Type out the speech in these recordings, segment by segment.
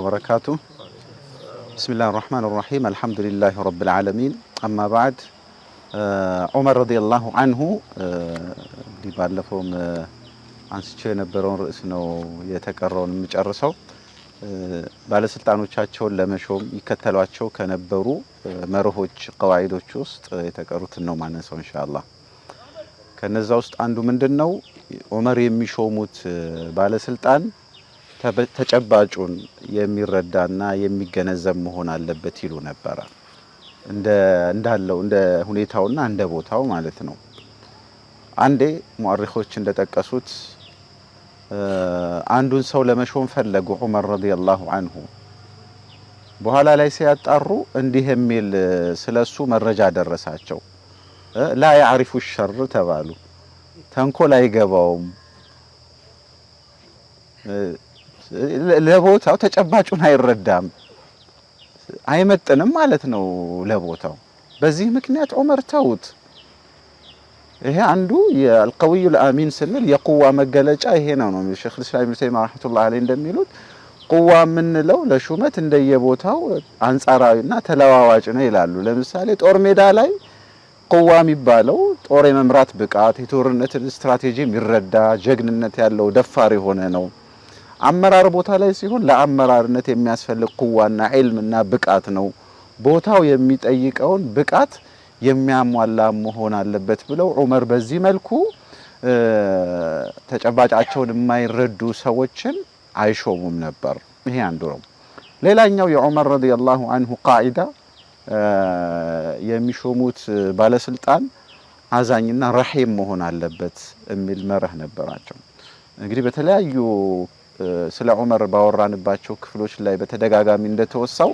ወበረካቱ ብስሚላህ ራህማን ራሂም አልሐምዱሊላህ ረብል ዓለሚን አማ በዕድ ዑመር ረዲየላሁ አንሁ እንግዲህ ባለፈውም uh, አንስቸው የነበረውን ርዕስ ነው የተቀረውን የምጨርሰው። uh, ባለስልጣኖቻቸውን ለመሾም ይከተሏቸው ከነበሩ uh, መርሆች ቀዋይዶች ውስጥ የተቀሩትን ነው ማነሳው እንሻአላህ። ከነዛ ውስጥ አንዱ ምንድን ነው ዑመር የሚሾሙት ባለስልጣን ተጨባጩን የሚረዳና የሚገነዘብ መሆን አለበት ይሉ ነበረ። እንዳለው እንደ ሁኔታውና እንደ ቦታው ማለት ነው። አንዴ ሙአሪኾች እንደጠቀሱት አንዱን ሰው ለመሾም ፈለጉ ዑመር ረዲየላሁ አንሁ። በኋላ ላይ ሲያጣሩ እንዲህ የሚል ስለሱ መረጃ ደረሳቸው። ላ ያዕሪፉ ሸር ተባሉ። ተንኮል አይገባውም ለቦታው ተጨባጩን አይረዳም፣ አይመጥንም ማለት ነው ለቦታው። በዚህ ምክንያት ዑመር ተውት። ይሄ አንዱ የአልቀውዩ ልአሚን ስንል የቁዋ መገለጫ ይሄ ነው ነው የሚሉት ሸይኹል ኢስላም ኢብኑ ተይሚያ ረሕመቱላህ ዐለይህ እንደሚሉት ቁዋ የምንለው ለሹመት እንደየቦታው አንጻራዊና ተለዋዋጭ ነው ይላሉ። ለምሳሌ ጦር ሜዳ ላይ ቁዋ የሚባለው ጦር የመምራት ብቃት፣ የጦርነትን ስትራቴጂ የሚረዳ ጀግንነት ያለው ደፋር የሆነ ነው። አመራር ቦታ ላይ ሲሆን ለአመራርነት የሚያስፈልግ ኩዋና ዒልምና ብቃት ነው። ቦታው የሚጠይቀውን ብቃት የሚያሟላ መሆን አለበት ብለው ዑመር በዚህ መልኩ ተጨባጫቸውን የማይረዱ ሰዎችን አይሾሙም ነበር። ይሄ አንዱ ነው። ሌላኛው የዑመር ረዲየላሁ አንሁ ቃዒዳ የሚሾሙት ባለስልጣን አዛኝና ረሒም መሆን አለበት የሚል መርህ ነበራቸው። እንግዲህ በተለያዩ ስለ ዑመር ባወራንባቸው ክፍሎች ላይ በተደጋጋሚ እንደተወሳው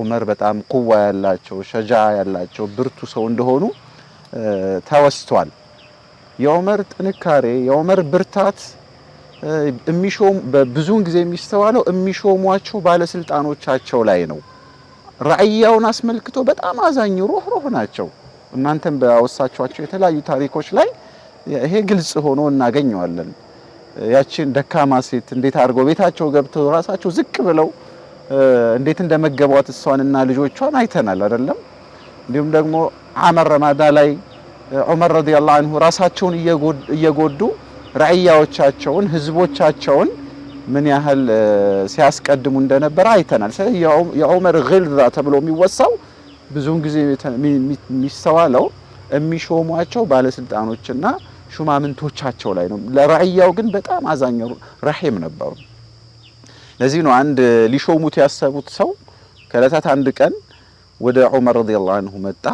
ዑመር በጣም ቁዋ ያላቸው ሸጃ ያላቸው ብርቱ ሰው እንደሆኑ ተወስቷል። የዑመር ጥንካሬ የዑመር ብርታት የሚሾም ብዙውን ጊዜ የሚስተዋለው የሚሾሟቸው ባለስልጣኖቻቸው ላይ ነው። ራእያውን አስመልክቶ በጣም አዛኝ ሩህሩህ ናቸው። እናንተም ባወሳችኋቸው የተለያዩ ታሪኮች ላይ ይሄ ግልጽ ሆኖ እናገኘዋለን። ያችን ደካማ ሴት እንዴት አድርገው ቤታቸው ገብተው ራሳቸው ዝቅ ብለው እንዴት እንደመገቧት እሷንና ልጆቿን አይተናል አይደለም። እንዲሁም ደግሞ አመር ረማዳ ላይ ዑመር ረዲየላሁ አንሁ ራሳቸውን እየጎዱ ራዕያዎቻቸውን ህዝቦቻቸውን ምን ያህል ሲያስቀድሙ እንደነበረ አይተናል። የዑመር ግልዛ ተብሎ የሚወሳው ብዙውን ጊዜ የሚስተዋለው የሚሾሟቸው ባለስልጣኖችና ሹማምንቶቻቸው ላይ ነው። ለራያው ግን በጣም አዛኝ ረሂም ነበሩ። ለዚህ ነው አንድ ሊሾሙት ያሰቡት ሰው ከእለታት አንድ ቀን ወደ ዑመር ረዲየላሁ አንሁ መጣ።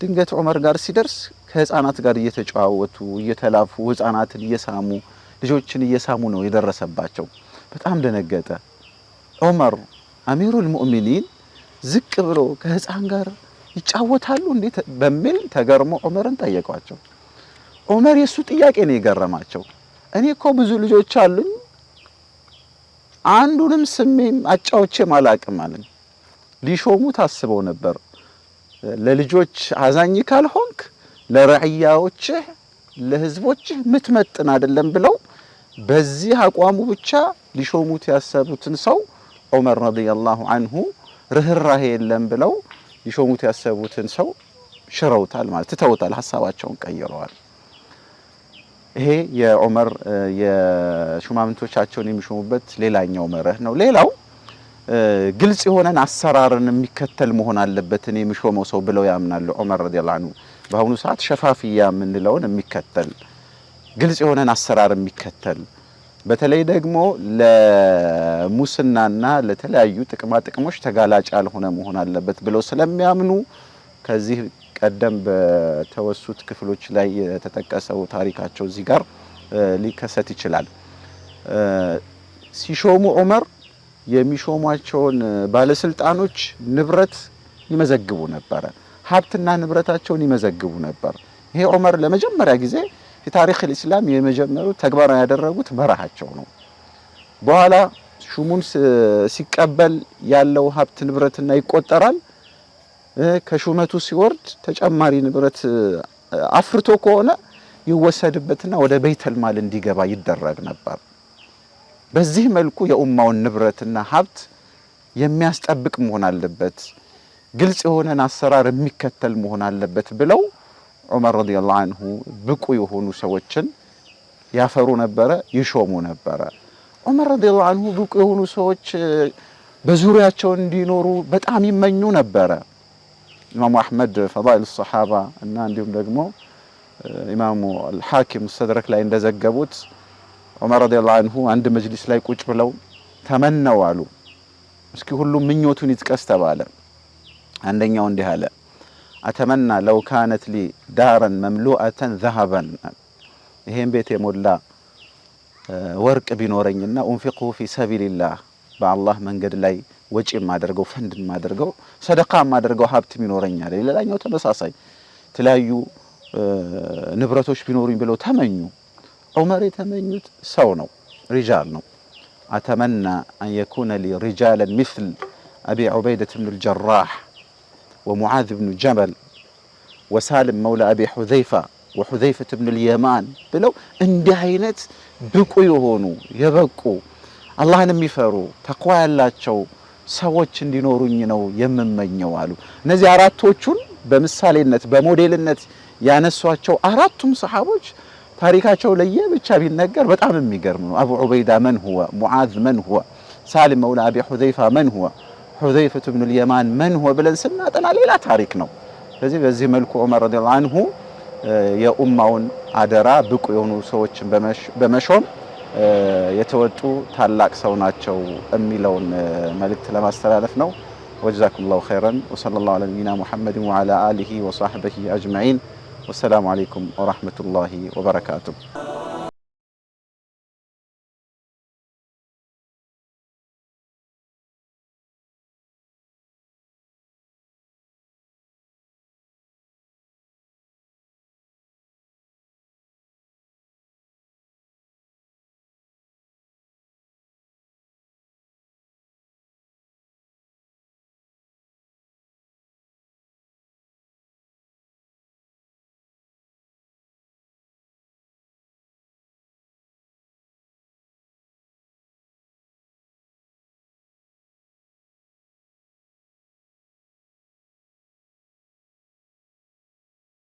ድንገት ዑመር ጋር ሲደርስ ከህፃናት ጋር እየተጫወቱ እየተላፉ ህፃናትን እየሳሙ ልጆችን እየሳሙ ነው የደረሰባቸው። በጣም ደነገጠ። ዑመር አሚሩል ሙእሚኒን ዝቅ ብሎ ከህፃን ጋር ይጫወታሉ እንዴት በሚል ተገርሞ ዑመርን ጠየቋቸው። ኦመር የሱ ጥያቄ ነው የገረማቸው። እኔ እኮ ብዙ ልጆች አሉኝ አንዱንም ስሜም አጫዎቼም አላቅም አለኝ። ሊሾሙት አስበው ነበር። ለልጆች አዛኝ ካልሆንክ ለረዕያዎችህ ለህዝቦችህ ምትመጥን አይደለም ብለው በዚህ አቋሙ ብቻ ሊሾሙት ያሰቡትን ሰው ዑመር ረዲየላሁ አንሁ ርህራሄ የለም ብለው ሊሾሙት ያሰቡትን ሰው ሽረውታል ማለት ትተውታል፣ ሀሳባቸውን ቀይረዋል። ይሄ የኦመር የሹማምንቶቻቸውን የሚሾሙበት ሌላኛው መርህ ነው። ሌላው ግልጽ የሆነን አሰራርን የሚከተል መሆን አለበት እኔ የሚሾመው ሰው ብለው ያምናሉ ኦመር ረዲየላሁ በአሁኑ ሰዓት ሸፋፍያ የምንለውን የሚከተል ግልጽ የሆነን አሰራር የሚከተል በተለይ ደግሞ ለሙስናና ለተለያዩ ጥቅማ ጥቅሞች ተጋላጭ ያልሆነ መሆን አለበት ብለው ስለሚያምኑ ከዚህ ቀደም በተወሱት ክፍሎች ላይ የተጠቀሰው ታሪካቸው እዚህ ጋር ሊከሰት ይችላል። ሲሾሙ ዑመር የሚሾሟቸውን ባለስልጣኖች ንብረት ይመዘግቡ ነበረ። ሀብትና ንብረታቸውን ይመዘግቡ ነበር። ይሄ ዑመር ለመጀመሪያ ጊዜ የታሪክ ልእስላም የመጀመሩ ተግባራዊ ያደረጉት መርሃቸው ነው። በኋላ ሹሙን ሲቀበል ያለው ሀብት ንብረትና ይቆጠራል ከሹመቱ ሲወርድ ተጨማሪ ንብረት አፍርቶ ከሆነ ይወሰድበትና ወደ ቤይተል ማል እንዲገባ ይደረግ ነበር። በዚህ መልኩ የኡማውን ንብረትና ሀብት የሚያስጠብቅ መሆን አለበት፣ ግልጽ የሆነን አሰራር የሚከተል መሆን አለበት ብለው ዑመር ረዲየላሁ አንሁ ብቁ የሆኑ ሰዎችን ያፈሩ ነበረ፣ ይሾሙ ነበረ። ዑመር ረዲየላሁ አንሁ ብቁ የሆኑ ሰዎች በዙሪያቸው እንዲኖሩ በጣም ይመኙ ነበረ። ኢማሙ አህመድ ፈዳኢል ሰሓባ እና እንዲሁም ደግሞ ኢማሙ አልሐኪም ሙስተድረክ ላይ እንደዘገቡት ዑመር ረዲየላሁ አንሁ አንድ መጅሊስ ላይ ቁጭ ብለው ተመነው አሉ። እስኪ ሁሉም ምኞቱን ይጥቀስ ተባለ። አንደኛው እንዲህ አለ፣ አተመና ለው ካነት ሊ ዳረን መምሉአተን ዘሀበን፣ ይሄን ቤት የሞላ ወርቅ ቢኖረኝና ኡንፊቅሁ ፊ ሰቢልላህ በአላህ መንገድ ላይ ወጪ የማደርገው ፈንድ የማደርገው ሰደካ የማደርገው ሀብትም ይኖረኛል። ሌላኛው ተመሳሳይ የተለያዩ ንብረቶች ቢኖሩኝ ብለው ተመኙ። ዑመር የተመኙት ሰው ነው፣ ሪጃል ነው። አተመና አን የኩነ ሊ ሪጃለን ሚስል አቢ ዑበይደት ብኑ ልጀራህ ወሙዓዝ ብኑ ጀበል ወሳልም መውላ አቢ ሑዘይፋ ወሑዘይፈት ብኑ ልየማን ብለው እንዲህ አይነት ብቁ የሆኑ የበቁ አላህን የሚፈሩ ተቅዋ ያላቸው ሰዎች እንዲኖሩኝ ነው የምመኘው አሉ። እነዚህ አራቶቹን በምሳሌነት በሞዴልነት ያነሷቸው አራቱም ሰሓቦች ታሪካቸው ለየብቻ ቢነገር በጣም የሚገርም ነው። አቡ ዑበይዳ መን ሁወ፣ ሙዓዝ መን ሁወ፣ ሳሊም መውላ አቢ ሑዘይፋ መን ሁወ፣ ሑዘይፈቱ ብኑ ልየማን መን ሁወ ብለን ስናጠና ሌላ ታሪክ ነው። ስለዚህ በዚህ መልኩ ዑመር ረዲየላሁ አንሁ የኡማውን አደራ ብቁ የሆኑ ሰዎችን በመሾም የተወጡ ታላቅ ሰው ናቸው የሚለውን መልእክት ለማስተላለፍ ነው وجزاكم الله خيرا وصلى الله على نبينا محمد وعلى آله وصحبه أجمعين والسلام عليكم ورحمة الله وبركاته